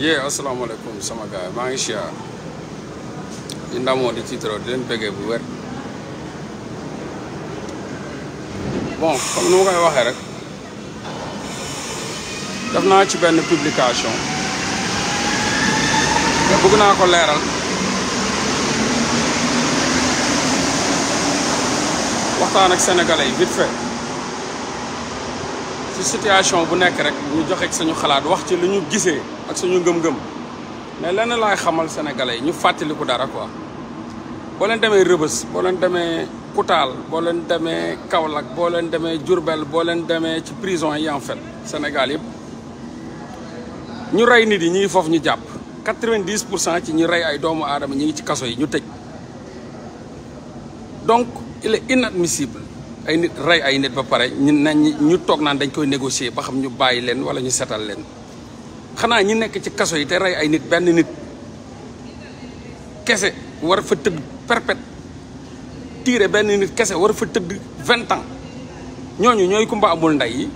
yee asalaamaaleykum sama gars maa ngi siyaar di ndamoo di tiitro leen bëggee bu wér bon comme nu ma koy waxee rek def naa ci benn publication te bëgg naa ko leeral waxtaan ak sénégalais yi vite ci situation bu nekk rek ñu joxe suñu xalaat wax ci lu ñu gisee ak suñu ngëm-ngëm mais lenn laay xamal sénégalais yi ñu fàttaliku dara quoi boo leen demee Rëbës boo leen demee Koutal boo leen demee Kaolack boo leen demee Diourbel boo leen demee ci prison yi en fait Sénégal yëpp ñu rey nit yi ñu ngi foofu ñu jàpp quatre vingt pour cent ci ñu rey ay doomu aadama ñu ngi ci kaso yi ñu tëj donc il est inadmissible ay nit rey ay nit ba pare ñu nañ ñu toog naan dañ koy négocier ba xam ñu bàyyi leen wala ñu setal leen xanaa ñi nekk ci kaso yi te rey ay nit benn nit kese war fa tëdd perpète tiire benn nit kese war fa tëdd vingt ans ñooñu ñooy kumba amul ndey yi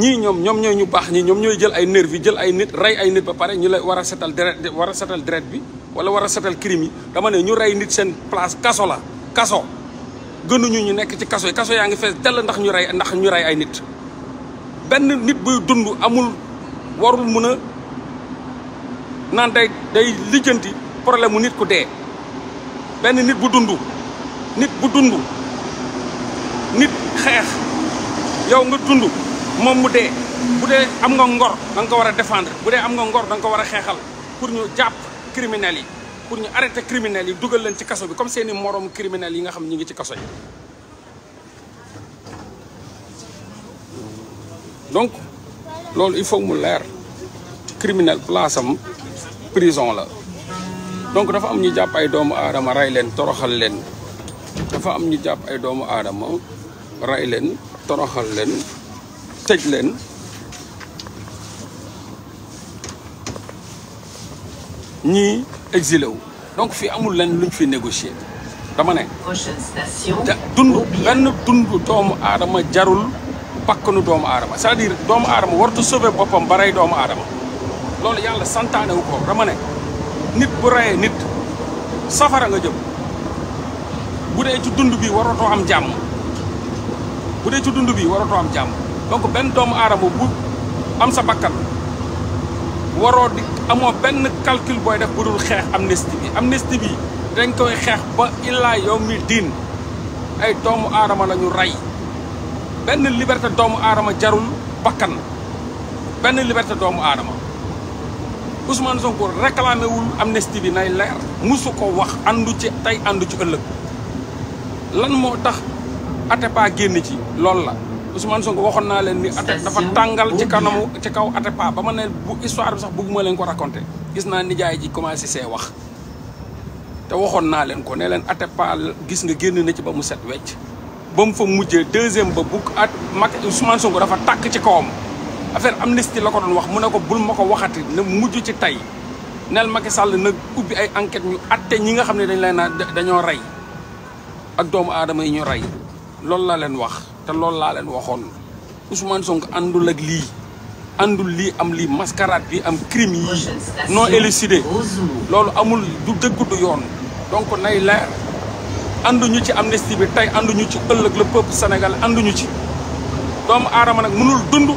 ñii ñoom ñoom ñooy ñu baax ñii ñoom ñooy jël ay nervi jël ay nit rey ay nit ba pare ñu la war a setal deret war setal deret bi wala war a setal crime yi dama ne ñu rey nit seen place kaso la kaso gënuñu ñu nekk ci kaso yi kaso yaa ngi fees dell ndax ñu rey ndax ñu rey ay nit benn nit buy dund amul warul mun a nan day day lijeenti problème nit ku dé ben nit bu dundu nit bu dundu nit xex yow nga dundu mom mu dé bu dee am nga ngor da nga ko défendre bu dee am nga ngor da nga ko war a pour ñu japp criminel yi pour ñu arrêter criminel yi duggal leen ci kasso bi comme seeni morom criminel yi nga xam ñi ngi ci kasso yi donc loolu il faut mu lèr criminel place am prison la donc dafa am ñu japp ay doomu toroxal len dafa am ñu japp ay doomu toroxal exilé wu donc fi amul len luñ fi négocier dama ne dund benn dund doomu jarul doomu c'est-à-dire doomu sauver doomu loolu yàlla santaane wu ko dama ne nit bu reyee nit safara nga jëm bu dee ci dund bi waratoo am jàmm bu dee ci dund bi waratoo am jàmm donc benn doomu aadama bu am sa bakkan waroo di amoo benn calcul booy def bu dul xeex amnistie bi nesti bi dañ koy xeex ba illaa yow diin ay doomu aadama la ñu rey benn liberté doomu aadama jarul bakkan benn liberté doomu aadama Ousmane Sonko réclamé wul amnistie bi nay leer musu ko wax andu ci tey andu ci ëllëg lan moo tax Atepa génn ci loolu la Ousmane Sonko waxoon naa leen ni Atepa dafa tàngal ci kanamu ci kaw Atepa ba ma ne bu histoire bi sax bëgguma leen ko raconté gis naa nijaay ji commencé see wax te waxoon naa leen ko ne leen Atepa gis nga génn na ci ba mu set wecc ba mu fa mujjee deuxième ba bu at mag Ousmane Sonko dafa tàkk ci kawam affaire amnistie la ko doon wax mu ne ko bul ma ko waxati na mujj ci tey nel Macky sàll nag ubbi ay enquête ñu atte ñi nga xam ne dañ leen a dañoo rey ak doomu aadama yi ñu rey loolu laa leen wax te loolu laa leen waxoon Ousmane sonk àndul ak lii àndul lii am lii maskaraat bi am crime yi non élucidé loolu amul du dëgg du yoon donc nay leer ànduñu ci amnistie bi tey ànduñu ci ëllëg le peuple sénégalais ànduñu ci doomu aadama nag mënul dund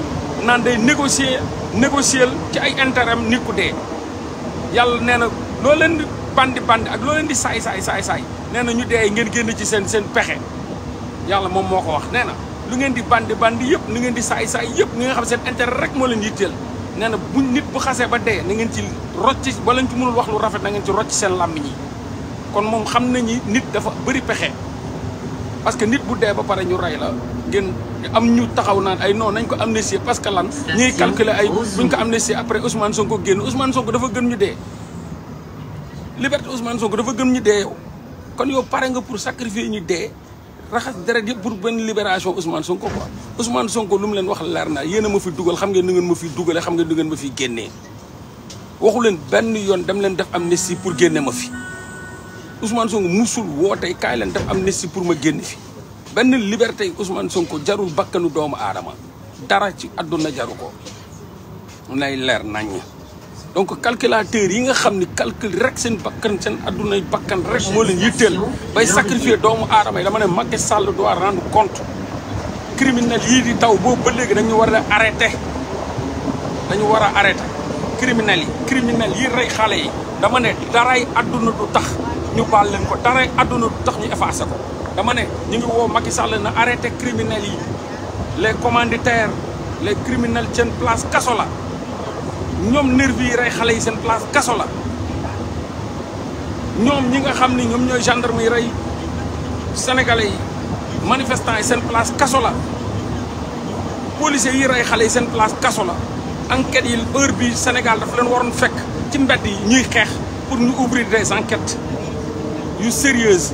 naan day négocier négocier ci ay intérêt nit ku dee yàlla nee na loo leen di bandi bandi ak loo leen di saay saay saay saay nee na ñu dee ngeen génn ci seen seen pexe yàlla moom moo ko wax nee na lu ngeen di bandi bandi yëpp ni ngeen di saay saay yëpp ni nga xam seen intérêt rek moo leen yitteel nee na bu nit bu xasee ba dee na ngeen ci rocc ba leen ci mënul wax lu rafet na ngeen ci rocc seen làmmiñ ñi kon moom xam nañu nit dafa bëri pexe parce que nit bu dee ba pare ñu rey la ngeen am ñu taxaw naan ay non nañ ko amnistie parce que lan ñuy calculer ay buñ ko amnistie après Ousmane Sonko génn Ousmane Sonko dafa gën ñu dee liberté Ousmane Sonko dafa gën ñu dee yow kon yow pare nga pour sacrifier ñu dee raxas deret yëpp pour benn libération Ousmane Sonko quoi Ousmane Sonko lu mu leen wax leer na yéen a ma fi dugal xam ngeen ni ngeen ma fi dugalee xam ngeen ni ngeen ma fi génnee waxu leen benn yoon dem leen def am amnistie pour génnee ma fi son Sonko musul woo tey kaay leen def amnistie pour ma génn fi benn liberté Ousmane Sonko jarul bakkanu doomu aadama dara ci àdduna jaru ko mu ay leer naññ donc calculateur yi nga xam ni calcul rek seen bakkan seen àdduna bakkan rek moo leen yitteel bay sacrifier doomu aadama yi dama ne Macky Sall doit rendre compte criminel yii di taw boobu ba léegi dañu war a arrêté dañu war a arrêté criminel yi criminel yi rey xale yi dama ne daray àdduna du tax ñu baal leen ko daray àdduna du tax ñu effacé ko dama nous avons ngi woo Macky Sall na arrêté criminels yi les commanditaires les criminels tiennent place kaso la ñoom nervi yi rey yi place kaso la ñoom ñi nga xam ni ñoom ñooy gendarme sénégalais manifestants yi seen place kaso la policiers yi rey xale place kaso la il yi heure bi Sénégal dafa leen waroon fekk ci mbedd yi ñuy xeex pour nous ouvrir des enquêtes yu sérieuses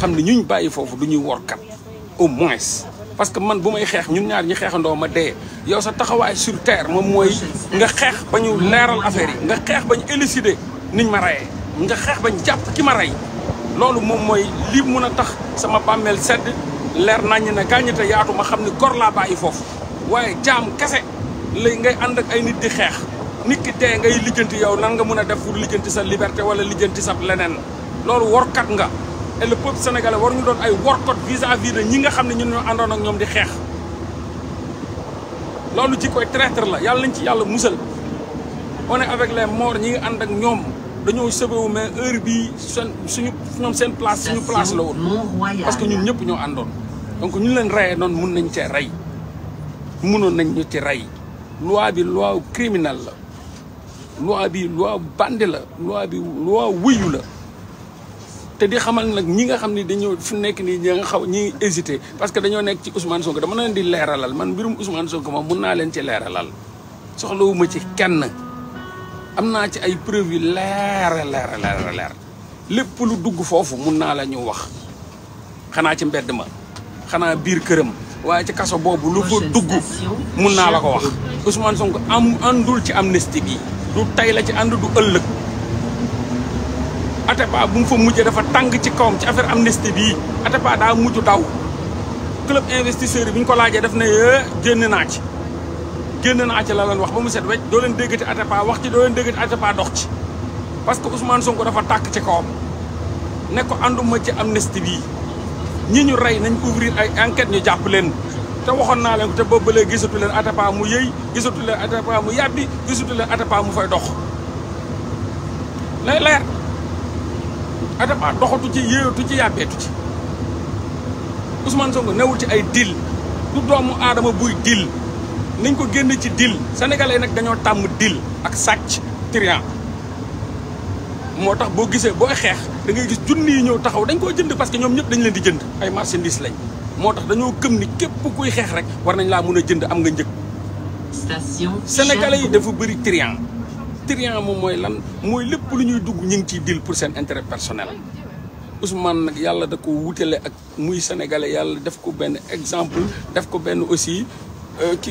xam ne ñu bàyyi foofu du ñuy workat au moins parce que man bu may xeex ñun ñaar ñi xeexandoo ma dee yow sa taxawaay sur terre moom mooy nga xeex ba ñu leeral affaire yi nga xeex bañ élucider niñ ma rayee nga xeex bañ jàpp ki ma rey loolu moom mooy li mun a tax sama bàmmeel sedd leer naññ ne gàññite yaatu ma xam ni gor laa bàyyi foofu waaye jaam kese lay ngay ànd ak ay nit di xeex nit ki dee ngay lijjanti yow nan nga mun a def pour lijjanti sa liberté wala lijjanti sa leneen loolu workat nga et le peuple sénégalais waruñu doon ay workot vis-à-vis de ñi nga xam ne ñun ñoo àndoon ak ñoom di xeex loolu ci koy traître la yàlla nañ ci yàlla musal on avec les morts ñi ngi ànd ak ñoom dañoo sëbewu mais heure bi seen suñu ñoom seen place suñu place la woon parce que ñu ñëpp ñoo àndoon donc ñu leen reyee noon mun nañ cee rey munoon nañ ñu ci rey loi bi loi criminelle la loi bi loi bandi la loi bi loi wuyu la te di xamal nag ñi nga xam ni dañoo fu nekk ni ñi nga xaw ñi hésité parce que dañoo nekk ci Ousmane Sonko dama leen di leeralal man mbirum Ousmane Sonko moom mun naa leen ci leeralal soxlawuma ci kenn am naa ci ay preuve yu leer leer leer leer lépp lu dugg foofu mun naa la ñu wax xanaa ci mbedd ma xanaa biir këram waaye ci kaso boobu lu ko dugg mun naa la ko wax Ousmane Sonko am andul ci amnesty bi du tey la ci ànd du ëllëg Atepa bu mu fa mujjee dafa tàng ci kawam ci affaire amnistie bii Atepa daa mujj daw club investisseur yi bi ñu ko laajee daf ne eh, génn naa ci génn naa ci la leen wax ba mu set wecc doo leen déggati Atepa wax ci doo leen déggati Atepa dox ci parce que Ousmane Sonko dafa tàkk ci kawam ne ko ànduma ci amnistie bii ñi ñu rey nañ ouvrir ay enquête ñu jàpp leen te waxoon naa leen ko te boobu léegi gisatu leen Atepa mu yëy gisatu leen Atepa mu yàbbi gisatu leen Atepa mu fay dox lay pa doxatu ci yéewatu ci yàbbeetu ci Ousmane Sonko newul ci ay dil du doomu adama buy dil niñ ko genn ci dil sénégalais nak dañoo tam dil ak sacc triant motax bo gisé gisee xex da ngay gis junni ñew taxaw dañ ko jënd parce que ñom ñep dañ leen di jënd ay marchandise lañ motax dañoo gëm ni képp kuy xex rek war nañ la mëna jënd am nga station sénégalais yi dafa bëri triant trian moom mooy lan mooy lépp lu ñuy dugg ñing ci ciy dil pour sen intérêt personnel Ousmane nak yalla da ko wutale ak muy sénégalais yalla def ko ben exemple def ko ben aussi euh, ki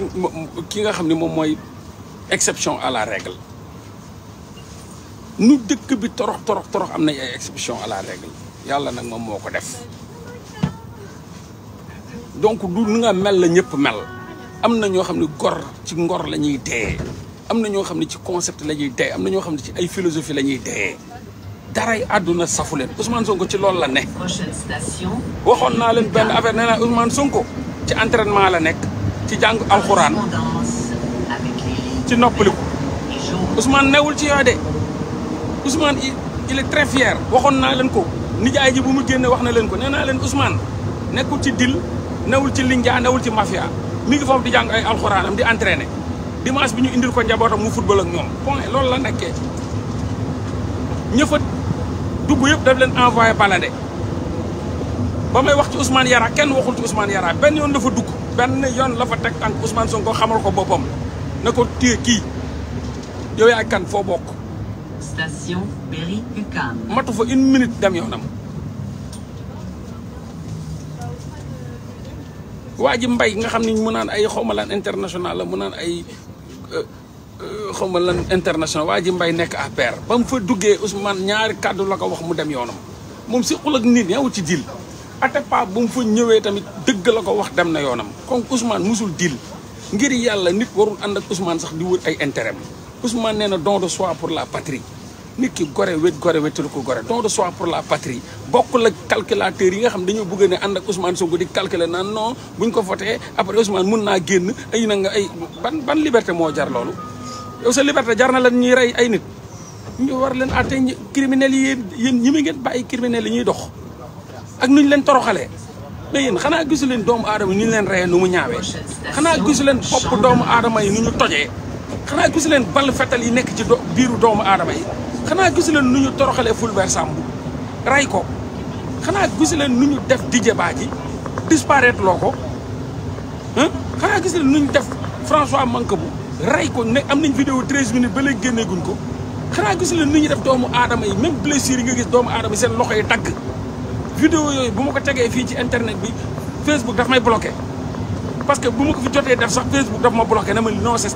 ki nga xamni mom moy exception à la règle nu dëkk bi torox torox torox amna nañ ay exception à la règle yalla nak mom moko def donc du nu nga mel la ñëpp mel amna ño xamni gor ci ngor lañuy ñuy am na ñoo xam ne ci concept la ñuy dee am na ñoo xam ne ci ay philosophie la ñuy dee daray àdduna safu leen Ousmane ko ci loolu la ne. prochaine station. waxoon naa leen benn affaire nee naa Ousmane Sonko ci entraînement la nekk ci jàng alxuraan ci noppaliku Ousmane newul ci yooyu de Ousmane il est très fier waxoon naa leen ko nijaay ji bu mu génne wax na leen ko nee naa leen Ousmane nekkul ci dil newul ci linja newul ci mafia mi ngi foofu di jàng ay am di entraîné. dimanche bi ñu indil ko njabootam mu football ak ñoom point loolu la nekkee ñë dugg yëpp daf leen envoyé balade ba may wax ci Ousmane Yara kenn waxul ci Ousmane Yara benn yoon dafa dugg benn yoon la fa teg tànk Ousmane Sonko xamal ko boppam na ko téye kii yow yaay kan foo bokk. station Berry UCAM. matu fa une minute dem yoonam. waa mbay nga xam ni mu naan ay xawma lan international la mu naan ay Euh, euh, xaw ma lan international waa ji mbay nekk APR ba mu fa duggee Ousmane ñaari kàddu la ko wax mu dem yoonam moom si xul ak nit ñëw ci dil Atepa bu mu fa ñëwee tamit dëgg la ko wax dem na yoonam kon Ousmane mosul dil ngir yàlla nit warul ànd ak Ousmane sax di wër ay intérêt Ousmane nee na don de soi pour la patrie nit ki gore wet gore wetul ko goré don de soi pour la patrie bokku la calculateur yi nga xam dañu bëgg né and ak Ousmane Sonko di calculer nan non buñ ko voté après Ousmane mun na génn ay na nga ay ban ban liberté mo jar lolu yow sa liberté jar na la ñi ray ay nit ñu war leen atté criminel yi yeen ñi mi ngeen bàyyi criminel yi ñuy dox ak nuñ leen toroxalé mais yéen xanaa gisu leen doomu adam ñu leen ray nu mu ñaawé xana gisu leen pop doomu adam yi ñu toje xana gisu leen bal fetal yi nekk ci biiru doomu adam yi xanaa gis leen nu ñu toroxalee Fulbert Sambou ray ko xanaa gis leen nu ñu def Didier Badji disparaître loo ko xanaa gis leen nu ñu def François bu ray ko ne am nañ vidéo 13 minutes ba léegi génneeguñ ko xanaa gis leen nu ñu def doomu aadama yi même blessure yi nga gis doomu aadama yi seen loxo yi dagg vidéo yooyu bu ma ko tegee fii ci internet bi Facebook daf may bloqué parce que bu ma ko fi jotee def sax Facebook daf ma bloqué ne ma non c'est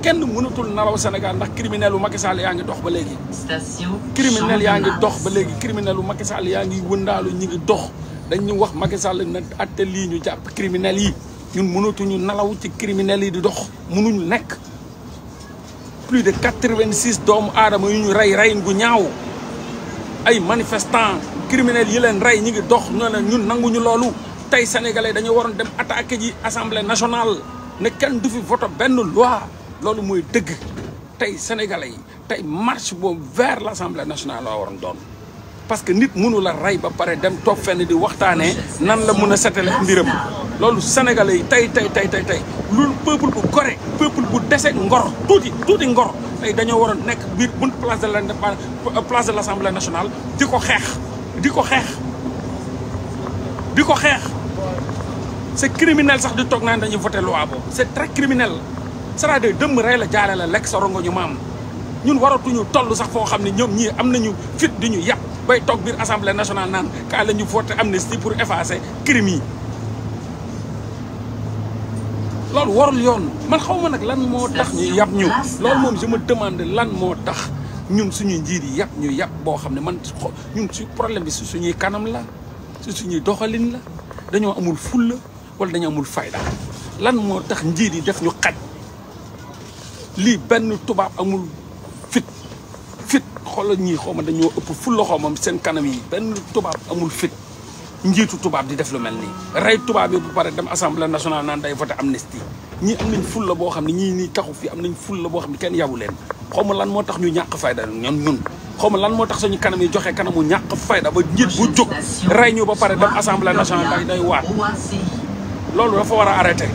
kenn mënatul nalaw Sénégal ndax criminel u Macky Sall yaa ngi dox ba léegi. station criminel yaa ngi dox ba léegi criminel u Macky Sall yaa ngi wëndaalu ñi ngi dox dañ ñu wax Macky Sall na atte lii ñu jàpp criminel yi ñun ñu nalaw ci criminel yi di dox mënuñu nekk. plus de quatre-vingt-six doomu aadama yu ñu rey reyin gu ñaaw ay manifestant criminels yi leen rey ñi ngi dox ñu ne ñun nanguñu loolu tey sénégalais dañu waroon dem attaquer ji assemblée nationale ne kenn du fi voté benn loi. lolu moy deug tay sénégalais yi marche bo vers l'Assemblée nationale la waroon don parce que nit mënu la ray ba paré dem toog fenn di waxtané nan la mëna sétalé mbirëm lolu sénégalais tay tay tay tay tey tey peuple bu gore peuple bu dese ngor touti touti ngor tay dañoo waroon nekk biir bunt place de l'indépendance place de l'Assemblée nationale diko xex diko xex diko xex c'est criminel sax di tok nan dañuy voter loi bo c'est très criminel c'est-à-dire dëmm rey la jaare la lekk sa rongo ñu maam ñun waratuñu toll sax foo xam ne ñoom ñii am nañu fit di ñu yàpp bay toog biir assemblée nationale naan kaa la ñu voté amnistie pour effacer crime yi loolu warul yoon man xaw ma nag lan moo tax ñu ñu loolu moom je me demande lan moo tax ñun suñu njiir yi yàpp ñu yàpp boo xam ne man ñun su problème bi si suñuy kanam la si suñuy doxalin la dañoo amul fulla wala dañoo amul fayda lan moo tax njiit yi def ñu xaj lii benn tubaab amul fit fit xoolal ñii xaw ma dañoo ëpp ful la seen kanam yi benn tubaab amul fit njiitu tubaab di def lu mel nii. rey tubaab yi bu pare dem assemblée nationale naan day voté amnistie ñii am nañ ful la boo xam ne ñii nii taxu fii am nañ ful la boo xam ne kenn yabu leen. xaw ma lan moo tax ñu ñàkk fayda ñun ñun xaw ma lan moo tax suñu kanam yi joxe kanamu ñàkk fayda ba njiit bu jóg rey ñu ba pare dem assemblée nationale day day waat dafa war a arrêté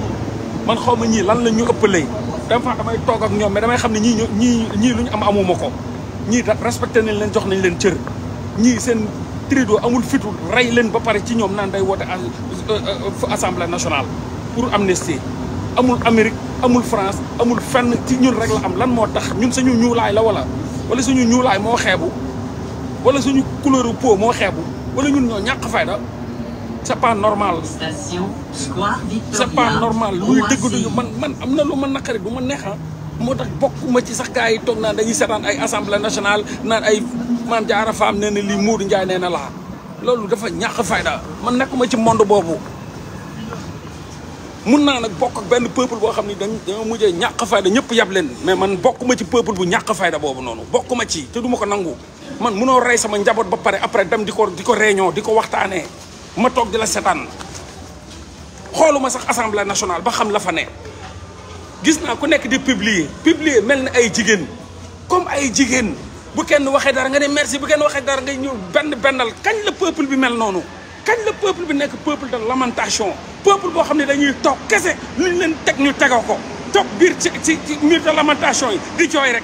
man xaw ma ñii lan la ñu ëppalee. dem fa damay toog ak ñoom me damay xam ne ñii ñii ñii lu ñu am amuma ko ñii respecté nañ leen jox nañ leen cër ñii seen trido amul fitul rey leen ba pare ci ñoom nan day woote euh, euh, assemblée nationale pour amnistie amul Amérique amul France amul fenn ci ñun rek la am lan moo tax ñun suñu ñuulaay la wala wala suñu ñuulaay moo xeebu wala suñu couleur peau moo xeebu wala ñun ñoo ñàkk fayda c'est pas normal c'est pas normal luy dëgg man man am na lu ma naqari du ma neexa ah. moo tax bokkuma ci sax gars yi toog naan dañuy seetaan ay assemblée nationale naan ay Mame Diarra Fam nee na lii Modou Ndiaye nee na laa loolu dafa ñàkk fayda man nekkuma ci monde boobu mun naa nag bokk benn peuple boo xam ne dañ dañoo mujjee ñàkk fayda ñëpp yab leen mais man bokkuma ci peuple bu ñàkk fayda boobu noonu bokkuma ci te duma ko nangu man munoo rey sama njaboot ba pare après dem di ko di ko réunion di ko waxtaanee ma toog di la setaan xooluma sax assemblée nationale ba xam la fa ne gis naa ku nekk di publier publier mel na ay jigéen comme ay jigéen bu kenn waxee dara nga ne merci bu kenn waxee dara nga ñëw benn bennal kañ la peuple bi mel noonu kañ la peuple bi nekk peuple de lamentation peuple boo xam ne dañuy toog kese lu ñu leen teg ñu tegoo ko toog biir ci ci mur lamentation yi di jooy rek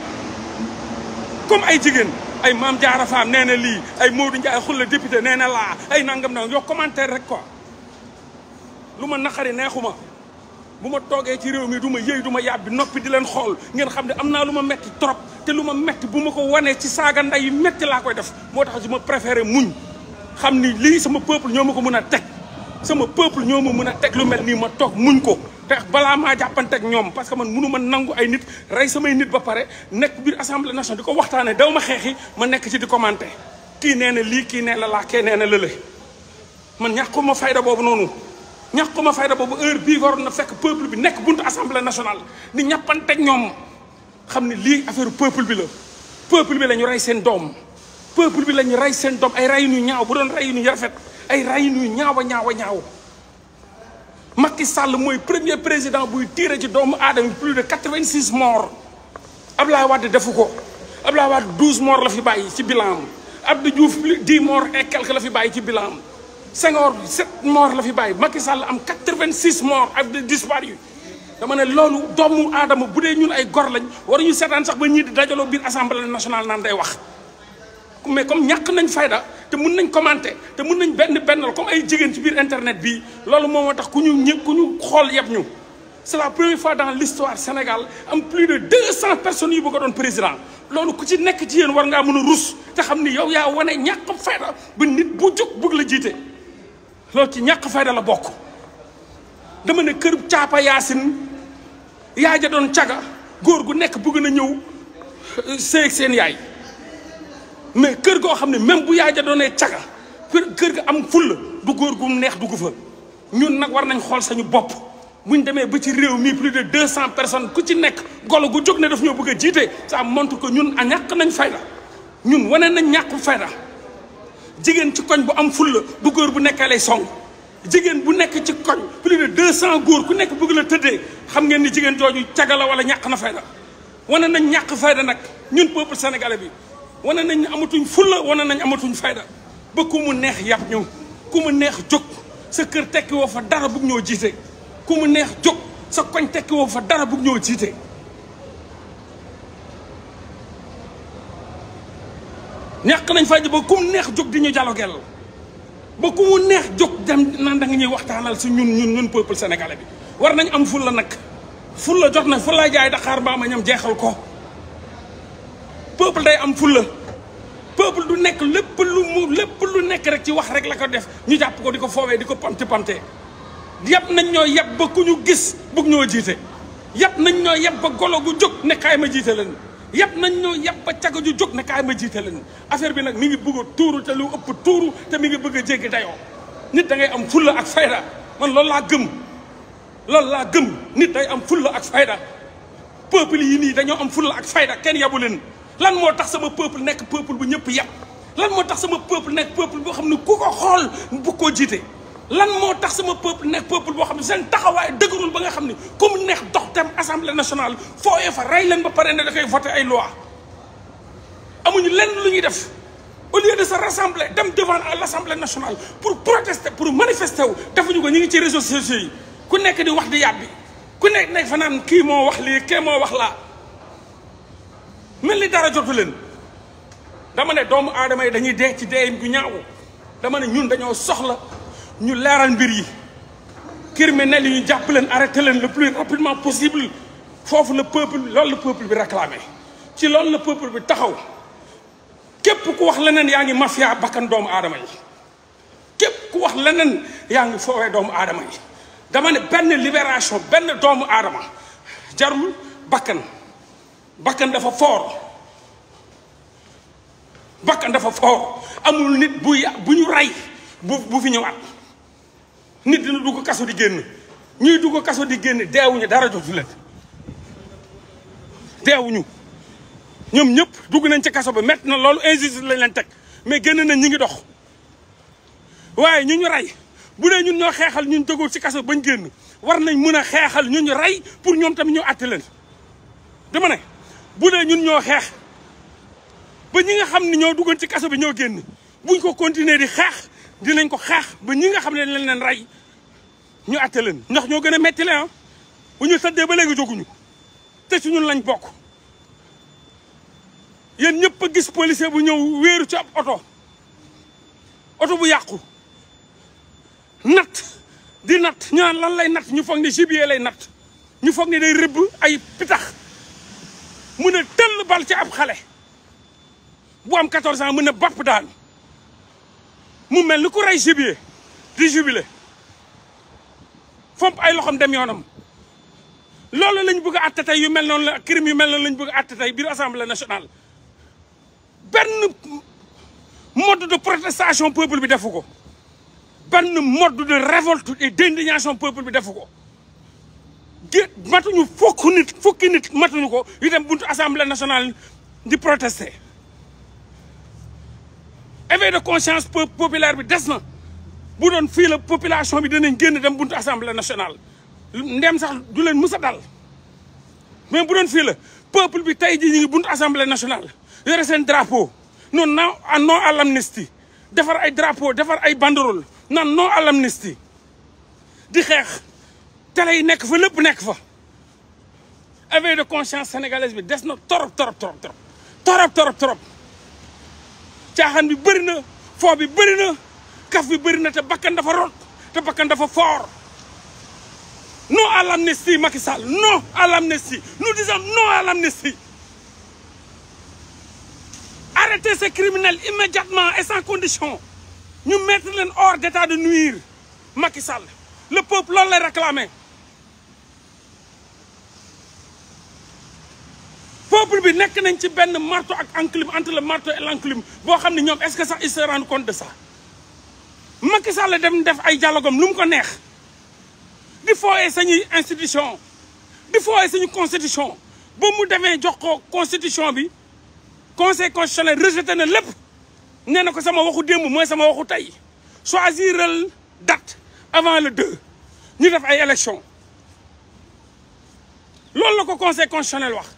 comme ay jigéen ay maam Diarra Fam nee na lii ay Modou Ndiaye xulla député nee na laa ay nangam na yow commentaire rek ko lu ma naqari neexuma bu ma toogee ci réew mi duma ma yëy du ma yàbbi noppi di leen xool ngeen xam ne am naa lu ma metti trop te lu ma metti bu ma ko wanee ci saaga nday yu metti laa koy def moo tax su ma préféré muñ xam ni lii sama peuple ñoo ma ko mën a teg sama peuple ñoo ma mun a teg lu mel nii ma toog muñ ko bala ma jappante ak ñom parce que man mënu ma nangu ay nit ray sama nit ba paré nek bir assemblée nationale diko ko dawma xexi ma nek ci di commenté kii nee na lii kii nee na laa kee nee na lële man ñàkkuma fayda boobu noonu ñàkkuma fayda bobu heure bi waroon na fekk peuple bi nek buntu assemblée nationale ni ñappante ak ñom xamni li affaire peuple bi la peuple bi lañu ray sen dom peuple bi lañu ray sen dom ay ray ñu ñaaw bu doon ray ñu yarafet ay ray ñu ñaaw a ñaaw a ñaaw Macky Sall premier président a tiré ci Adam plus de 86 morts Ablaye Wade ko Wade morts la fi bilan Abdou morts et quelques la fi bilan Senghor 7 morts la fi bilan. Macky Sall am 86 morts ak des disparu. dama ne Adam, nationale mais comme ñàkk nañ fayda te mun nañ commenter te mun nañ benn bennal comme ay jigéen ci biir internet bii loolu moom moo tax ku ñu ñë ñu xool yëpp ñu. c'est la première fois dans l'histoire Sénégal am plus de 200 personnes yi bëgg a doon président loolu ku ci nekk ci yéen war ngaa mën a rus te xam ni yow yaa wane ñàkk fayda ba nit bu jóg bëgg la jiite loolu ci ñàkk fayda la bokk. dama ne kër caapa yaasin yaay ja doon caga góor gu nekk bugg na ñëw euh, seeg yaay. mais kër goo xam ne même bu yaay ja doonee caga kër gi am fulla du góor gu neex dugg fa ñun nag war nañ xool sañu bopp muñ demee ba ci réew mi plus de deux cent personnes ku ci nekk golo gu jóg ne daf ñoo bëgg a jiite ça montre que ñun a ñàkk nañ fayda ñun wane nañ ñàkk fayda jigéen ci koñ bu am fulla du góor bu nekkee lay song jigéen bu nekk ci koñ plus de cent góor ku nekk bëgg la tëddee xam ngeen ni jigéen jooju caga la wala ñàkk na fayda wane nañ ñàkk fayda nag ñun peuple sénégalais bi wane nañ amatuñ fulla wane nañ amatuñ fayda ba ku mu neex yàpp ñu ku mu neex jóg sa kër tekki woo fa dara bugg ñoo jiite ku mu neex jóg sa koñ tekki woo fa dara bugg ñoo jiite ñàkk nañ fay ba ku mu neex jóg di ñu dialoguel ba ku mu neex jóg dem naan da nga ñuy waxtaanal si ñun ñun ñun peuple sénégalais bi war nañ am fulla nag fulla jot na fulla jaay Dakar mbaama ñam jeexal ko peuple day am fulla peuple du nekk lépp lu mu lépp lu nekk rek ci wax rek la ko def ñu jàpp ko di ko foowee di ko pamte pamte yab nañ ñoo yab ba ku ñu gis bugg ñoo jiite yab nañ ñoo yab ba golo gu jóg ne kaay ma jiite leen yab nañ ñoo yab ba ju jóg ne kaay ma jiite leen affaire bi nag mi ngi bëgg a tuuru te lu ëpp tuuru te mi ngi bëgg a jéggi dayoo nit dangay am fulla ak fayda man loolu laa gëm loolu laa gëm nit day am fulla ak fayda peuple yi nii dañoo am fulla ak fayda kenn yabu leen lan moo tax sama peuple nekk peuple bu ñëpp yàpp lan moo tax sama peuple nekk peuple boo xam ne ku ko xool bu koo jiite lan moo tax sama peuple nekk peuple boo xam ne seen taxawaay dëgërul ba nga xam ne comme neex dox dem assemblée nationale fooyee fa rey leen ba pare ne dafay voté ay loi amuñu len lu ñuy def au lieu de se rassembler dem devant à l' assemblée nationale pour protester pour manifester wu defuñu ko ñu ngi ci réseaux sociaux yi ku nekk di wax di yàbbi ku nekk nekk fa naan kii moo wax lii kee moo wax laa mel ni dara jotu leen dama ne doomu aadama yi dañuy dee ci dee gu ñaaw dama ne ñun dañoo soxla ñu leeral mbir yi criminels yi ñu jàpp leen arrêté leen le plus rapidement possible foofu la peuple loolu la peuple bi réclamé ci loolu la peuple bi taxaw képp ku wax leneen yaa ngi mafia bakkan doomu aadama yi képp ku wax leneen yaa ngi foowee doomu aadama yi dama ne benn libération benn doomu aadama jarul bakkan bakkan dafa foor bakkan dafa foor amul nit bu bu ñu rey bu bu fi ñëwaat nit dina dugg kaso di génn ñuy dugg kaso di génn deewuñu dara jotu leen deewuñu ñoom ñëpp dugg nañ ci kaso bi mett na loolu injustice lañ leen teg mais génn nañ ñu ngi dox waaye ñu ñu rey bu dee ñun ñoo xeexal ñu jógul ci kaso ñu génn war nañ mën a xeexal ñu ñu rey pour ñoom tamit ñu àtte leen dama ne bu dee ñun ñoo xeex ba ñi nga xam ni ñoo duggoon ci kaso bi ñoo génn buñ ko continuer di xeex dinañ ko xeex ba ñi nga xam ne leen leen rey ñu atte leen ndax ñoo gën a metti la ah. bu ñu saddee ba léegi jóguñu te ci ñun lañ bokk yéen ñëpp a gis policier bu ñëw wéeru ci ab oto oto bu yàqu nat di natt ñu naan lan lay natt ñu foog ne gibier lay natt ñu foog ne day rëbb ay pitax mëna a bal ci ab xalé 14 ans mëna a bapp mu mel ku ray gibier di jubilé fomp ay loxam dem lañ yu mel la crime yu mel non lañ biir assemblée nationale Ben, mode de protestation peuple bi defu ko mode de révolte et d'indignation peuple bi defu faut matuñu assemblée nationale protester éveil de conscience populaire bi des la population de l'Assemblée assemblée nationale ndem mais bu nous le la peuple bi nous assemblée nationale Il drapeau non non non à l'amnistie ay drapeau un banderole non à l'amnistie télé yi nekk fa lepp nek fa éveil de conscience sénégalaise bi des na torop torop torop torop torop torop torop tiaxan bi bari na fo bi bari na kaf bi bari na te bakkan dafa rot te bakkan dafa fort non à l'amnistie Macky Sall non à l'amnistie nous disons non à l'amnistie arrêtez ces criminels immédiatement et sans condition Nous mettre leen hors d'état de nuire Macky Sall le peuple l'a lay peuple bi nek nañ ci ben marteau ak enclume entre le marteau et l'enclume bo xamni ñom est-ce que sax ils se rendent compte de ça Macky Sall dem def ay dialogue lu mu ko neex di faut sañuy institution di fooyee sañu constitution ba mu demee jox ko constitution bi conseil constitutionnel rejeté na lepp nénako sama waxu démb moy sama waxu tay choisiral date avant le 2 ñu def ay élection loolu la ko conseil constitutionnel wax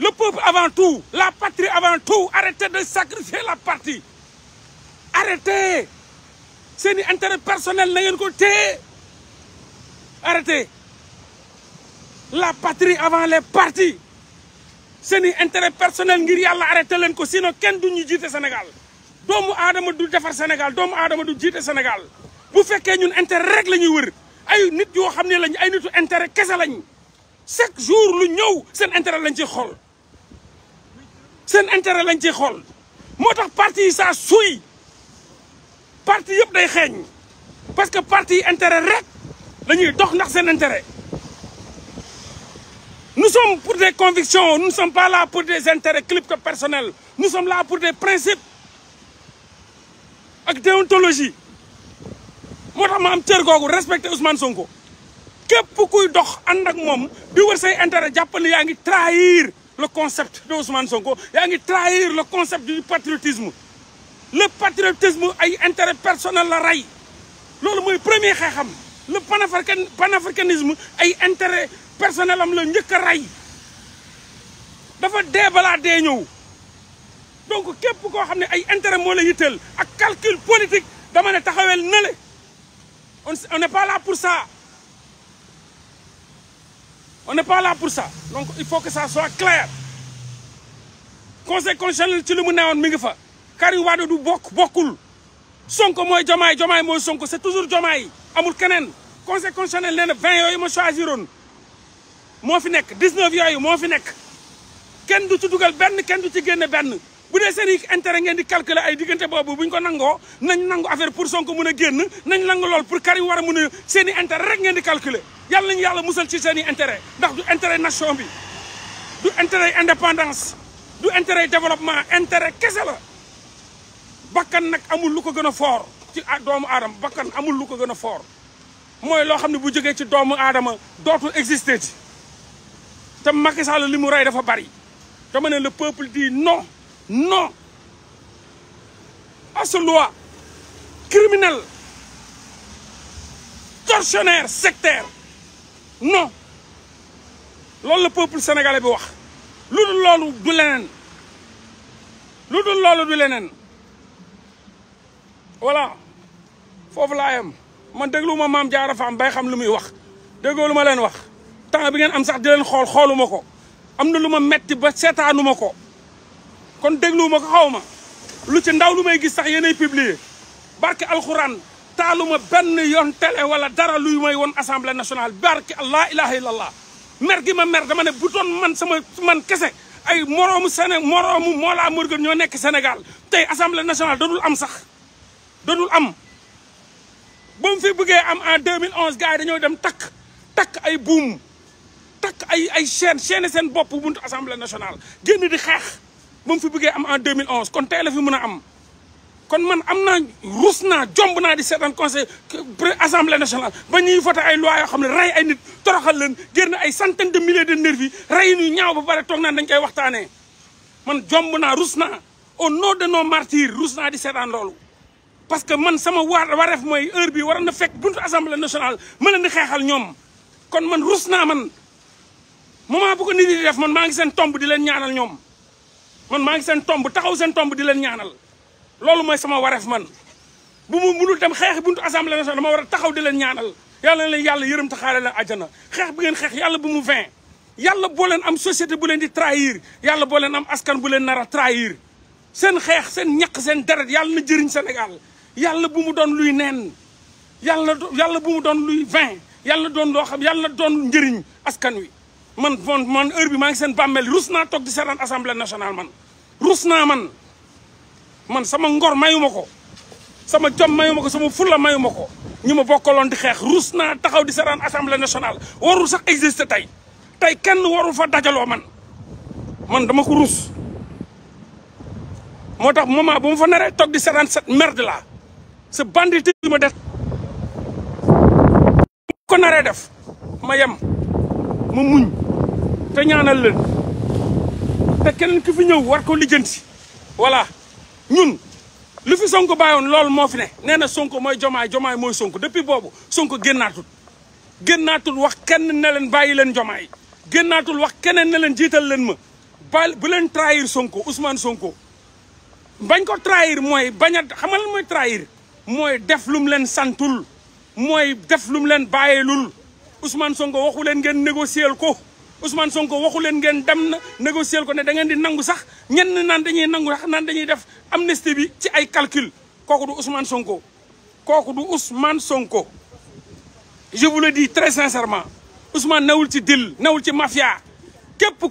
Le peuple avant tout, la patrie avant tout, arrêtez de sacrifier la partie. Arrêtez. C'est un intérêt personnel, n'ayez côté. Arrêtez. La patrie avant les partis. C'est un intérêt personnel, ngir yalla arrêtez len ko sinon ken duñu au Sénégal. Domu adama du au Sénégal, Domu adama du au Sénégal. Bu féké ñun intérêt rek lañuy wër. Ay avons yo xamné lañ ay nitu intérêt kessa lañ. Chaque jour lu ñëw seen intérêt lañ ci xol un intérêt lañ ci xol motax parti ça saa parti yeb day xégn parce que parti intérêt rek lañuy dox intérêt nous sommes pour des convictions nous ne sommes pas là pour des intérêts crypto personnels nous sommes là pour des principes ak déontologie motax ma am cër gogou respecter Ousmane Sonko Que kuy dox and ak mom di wër say intérêt jappal trahir le concept de Ousmane Sonko il trahir le concept du patriotisme le patriotisme a un intérêt personnel la ce le premier le panafricanisme a un intérêt personnel à la raille. Il faut dafa Donc, donc pourquoi koo a intérêt politique la calcul politique dama ne taxawel on n'est pas là pour ça on n'est pas là pour ça donc il faut que ça soit clair conseil c'est ci le mu mi car fa y du bokk Sonko Jomay, Sonko c'est toujours Jomay. amul Kenen. conseil constitutionnel nee 20 vingt yooyu ma choisiroon fi nekk dix-neuf yooyu fi Ken du ci benn pas du ci benn intérêt calculer ay pour Sonko a pour yalla lañu yalla musal ci seen intérêt ndax du intérêt nation bi du intérêt indépendance du intérêt développement intérêt kese la bakkan nak amul lu ko gën a fort ci doomu adam bakkan amul lu ko gën a fort mooy loo xam bu joggé ci doomu adam dootu exister ci te Macky Sall limu ray dafa bari dama ne le peuple dit non non à ce loi criminel tortionnaire sectaire non loolu la peuple sénégalais bi wax lu dul loolu du leneen lu dul loolu du leneen voilà foofu laa yem man déglu ma maam jaara faam bay xam lu muy wax déggoo ma leen wax temps bi ngeen am sax di leen xool xooluma ko am na lu ma metti ba seetaanuma ko kon dégluwuma ko xaw ma lu ci ndaw lu may gis sax yéenay publier barke alxuraan taaluma benn yoon télé wala dara luy may woon assemblée nationale barki laa ilaha illallah mer gi ma mer dama ne bu doon man sama man kese ay moroomu Séné moroomu Mollah Morgun ñoo nekk Sénégal tey assemblée nationale dadul am sax dadul am ba mu fi bëggee am en 2011 gars yi dañoo dem takk takk ay buum takk ay ay chaîne chaîne seen bopp buntu assemblée nationale génn di xeex ba mu fi bëggee am en 2011 kon tey la fi mën a am kon man amna Rusna rus jomb di seetaan conseil assemblée nationale ba ñi voté ay loi yo xam ray ay nit toroxal leen génn ay centaines de milliers de nervi ray ñu ñaaw ba pare tok na dañ koy waxtaanee man jomb na rusna au nom de nos martyrs rus di seetaan loolu. parce que man sama war waref moy heure bi warana fek buntu assemblée nationale ma ni di ñom nyom kon man Rusna man moma bu ko nit di def man ma ngi sen tombe di leen ñaanal ñom man ma ngi sen tombe taxaw sen tombe di leen ñaanal. loolu mooy sama wareef man bu mu munul dem xeex buntu assemblée nationale dama war a taxaw di leen ñaanal yàlla na leen yàlla yërëm taxaare leen ajana xeex bu ngeen xeex yàlla bu mu vin yàlla boo leen am société bu leen di trahir yàlla boo leen am askan bu leen nar a trahir seen xeex seen ñaq seen deret yàlla na jëriñ Sénégal yàlla bu mu doon luy neen yàlla yàlla bu mu doon luy vin yàlla doon loo xam yàlla doon njëriñ askan wi man man heure bi maa ngi seen bàmmeel rus naa toog di seetaan assemblée man man sama ngor mayu moko, ko sama jom mayu ko sama fulla mayu ma ko ñi ma di xex Rusna, taxaw di seran assemblée nationale waru sax exister tay tay kenn waru fa dajalo man man dama ko rus motax tax bu ma fa nare tok di seran cette merde là ce banditisme def ko nare def ma yam ma muñ te ñaanal leen te kenn ki fi ñew war ko lijeenti voilà ñun lu fi Sonko bàyyoon loolu moo fi ne nee na Sonko mooy jomaay jomaay mooy Sonko depuis boobu Sonko génnaatul génnaatul wax kenn ne leen bàyyi leen jomaay génnaatul wax keneen ne leen jiital leen ma ba bu leen trahir Sonko Ousmane Sonko bañ ko trahir mooy bañ a xamal mooy trahir mooy def lum leen santul mooy def lum leen bàyyeelul Ousmane Sonko waxu leen ngeen négocier ko. Ousmane Sonko waxu ngeen dem na négocier ko ne da ngeen di nangu sax ñenn nan dañuy nangu sax nan dañuy def amnistie bi ci ay calcul koku du Ousmane Sonko. du Ousmane Sonko je vous le dis très sincèrement Ousmane nawul ci dil nawul ci mafia kep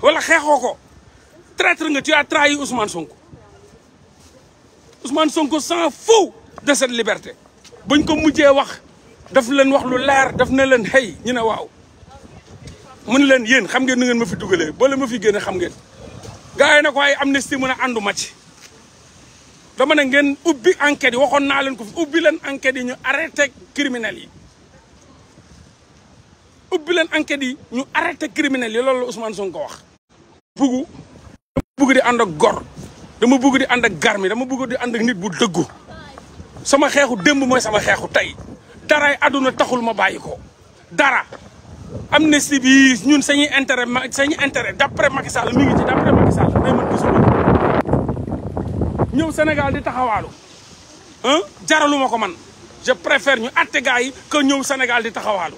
wala traître nga tu as trahi Ousmane Sonko Ousmane Sonko s'en fout de cette liberté buñ ko mujjé wax. daf leen wax lu leer daf na leen hey ñu ne waaw mën leen yeen xam ngeen nu ngeen ma fi duggalé bo le ma fi gëné xam ngeen gaay na ko ay amnesty mëna andu ànduma ci dama ne ngeen ubbi enquête yi waxon na leen ko fi ubbi leen enquête yi ñu arrêté criminel yi ubbi leen enquête yi ñu arrêté criminel yi loolu Ousmane Sonko wax bugu bugu di and ak gor dama bugu di and ak garmi dama bugu di and ak nit bu deggu sama xexu demb moy sama xexu tay daray àdduna taxul ma bàyyi ko dara amnistie bi ñun sañuy intérêt ma sañuy intérêt d'après Macky Sall mi ngi ci d'après Macky Sall day mën gisuma ñëw Sénégal di taxawaalu jaraluma ko man je préfère ñu yi que ñëw Sénégal di taxawaalu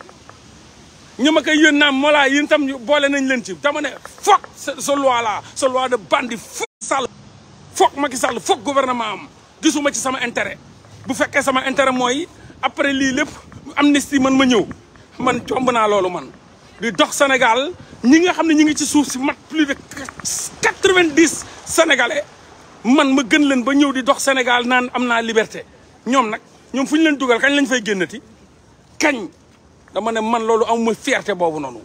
ñu ma koy yéen naam moolaa yéen tam boole nañ leen ci dama ne foog sa loi la sa loi foog Sall foog Macky Sall gouvernement am gisuma ci sama intérêt bu fekkee sama intérêt mooy après lii lépp amnistie man ma ñëw man jomb naa loolu man di dox Sénégal ñi nga xam ne ñi ngi ci suuf si mat plus de quatre-vingt-dix sénégalais man ma gën leen ba ñëw di dox Sénégal naan am naa liberté ñoom nag ñoom fu ñu leen dugal kañ lañ fay génnati kañ dama ne man loolu amuma fierté boobu noonu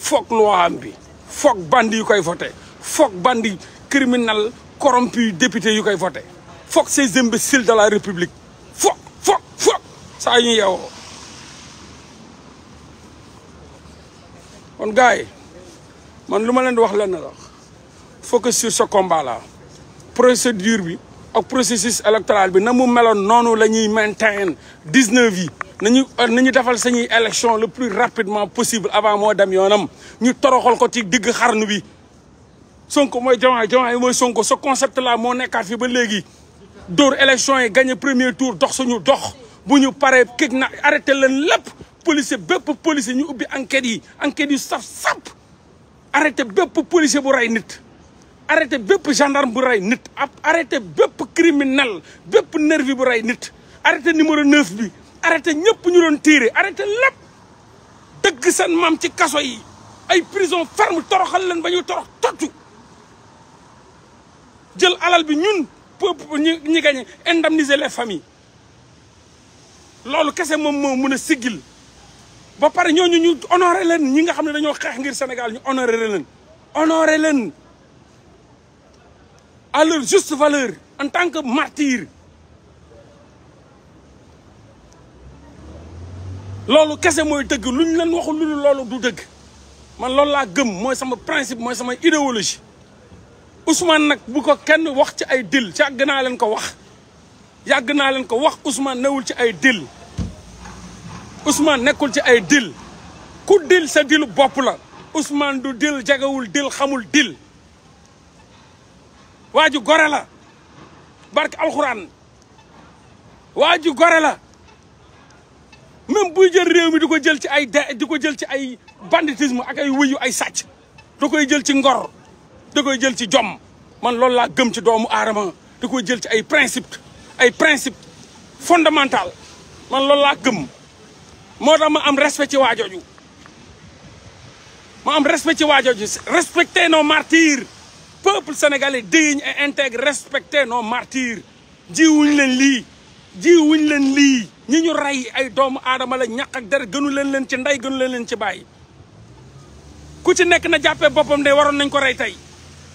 foog loi bi foog bandi yu koy voté foog bandi criminel corrompu député yu koy voté foog ces imbéciles de la république foog Ça y est, kon gagne. yi man lu ma leen wax focus sur ce combat là procédure bi ak processus électoral bi na mu meloon noonu la maintain 19 yi nañu nañu defal sañuy élection le plus rapidement possible avant moo dem yoonam ñu toroxal ko ci digg xarnu bi Sonko mooy Diomaye Diomaye moi, Sonko ce concept là mon écart, fi ba léegi dóor élection yi gagné premier tour dox suñu dox bu ñu paree kek na arrêté leen lépp policier bépp policier ñu ubbi enquêtes yi enquêtes yu saf-sap arrêté bépp policier bu rey nit arrêté bépp gendarme bu rey nit ab arrêté bépp criminel bépp nervi bu rey nit arrêté numéro 9 bi arrêté ñëpp ñu doon tiire arrêté lépp dëgg seen maam ci kaso yi ay prison ferme toroxal leen ba ñu torox tottu jël alal bi ñun peuple ñi gañe indemniser les familles loolu kese moom moo mun a siggil ba pare ñooñu ñu honoré leen ñi nga xam ne dañoo xeex ngir Sénégal ñu honoré leen honoré leen à leur juste valeur en tant que martyr loolu kese mooy dëgg lu ñu leen waxul lu ñu loolu du dëgg man loolu laa gëm mooy sama principe mooy sama idéologie Ousmane nag bu ko kenn wax ci ay dil ci àgg naa leen ko wax yàgg naa leen ko wax Ousmane newul ci ay dil Ousmane nekkul ci ay dil ku dil sa dilu bopp la Ousmane du dil jegewul dil xamul dil waa ji gore la barke alxuraan waa ji gore la même buy jël réew mi di ko jël ci ay di ko jël ci ay banditisme ak ay wëyu ay sàcc da koy jël ci ngor da koy jël ci jom man loolu laa gëm ci doomu aadama di ko jël ci ay principe ay principe fondamental man loolu laa gëm moo tax ma am respect ci waajooju ma am respect ci waajooju respecter nos martyrs peuple sénégalais digne et intègre respecte nos martyrs jiwuñ leen lii jiwuñ leen lii ñi ñu rey ay doomu aadama la ñàq ak dara gënu leen leen ci ndey gënu leen leen ci bàyyi ku ci nekk na jàppee boppam de waroon nañ ko rey tey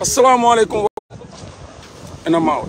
Assalamu alaikum. Ina